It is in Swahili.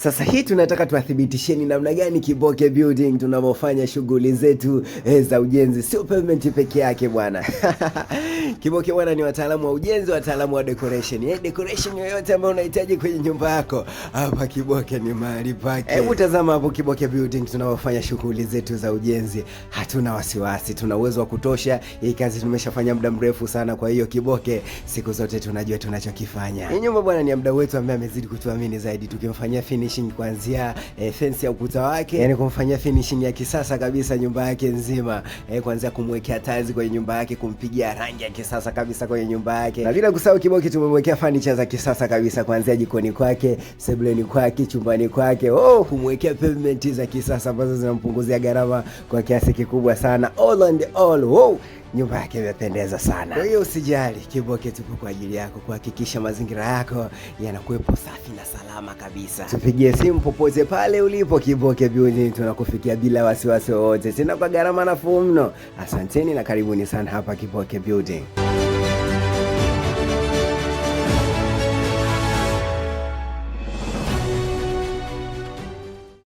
Sasa hii tunataka tuwathibitisheni namna gani Kiboke Building tunavyofanya shughuli zetu eh, za ujenzi, sio pavement peke yake bwana. Kiboke bwana ni wataalamu wa ujenzi, wataalamu wa decoration. Eh, decoration yoyote ambayo unahitaji kwenye nyumba yako, hapa Kiboke ni mahali pake. Hebu tazama hapo Kiboke Building tunavyofanya shughuli zetu za ujenzi. Hatuna wasiwasi, tuna uwezo wa kutosha. Hii kazi tumeshafanya muda mrefu sana, kwa hiyo Kiboke siku zote tunajua tunachokifanya. Hii nyumba bwana ni mdau wetu ambaye amezidi kutuamini zaidi. United tukimfanyia finishing kuanzia eh, fence ya ukuta wake, yani kumfanyia finishing ya kisasa kabisa nyumba yake nzima eh, kuanzia kumwekea tiles kwenye nyumba yake, kumpigia rangi ya kisasa kabisa kwenye nyumba yake, na bila kusahau kiboki tumemwekea furniture za kisasa kabisa kuanzia jikoni kwake, sebuleni kwake, chumbani kwake, oh, kumwekea pavement za kisasa ambazo zinampunguzia gharama kwa kiasi kikubwa sana, all and all, oh nyumba yake imependeza sana. Kwa hiyo usijali, Kiboke tuko kwa ajili yako kuhakikisha mazingira yako yanakuwepo safi na salama kabisa. Tupigie simu popote pale ulipo, Kiboke Beauty tunakufikia bila wasiwasi wowote, tena kwa gharama nafuu mno. Asanteni na karibuni sana hapa Kiboke Beauty.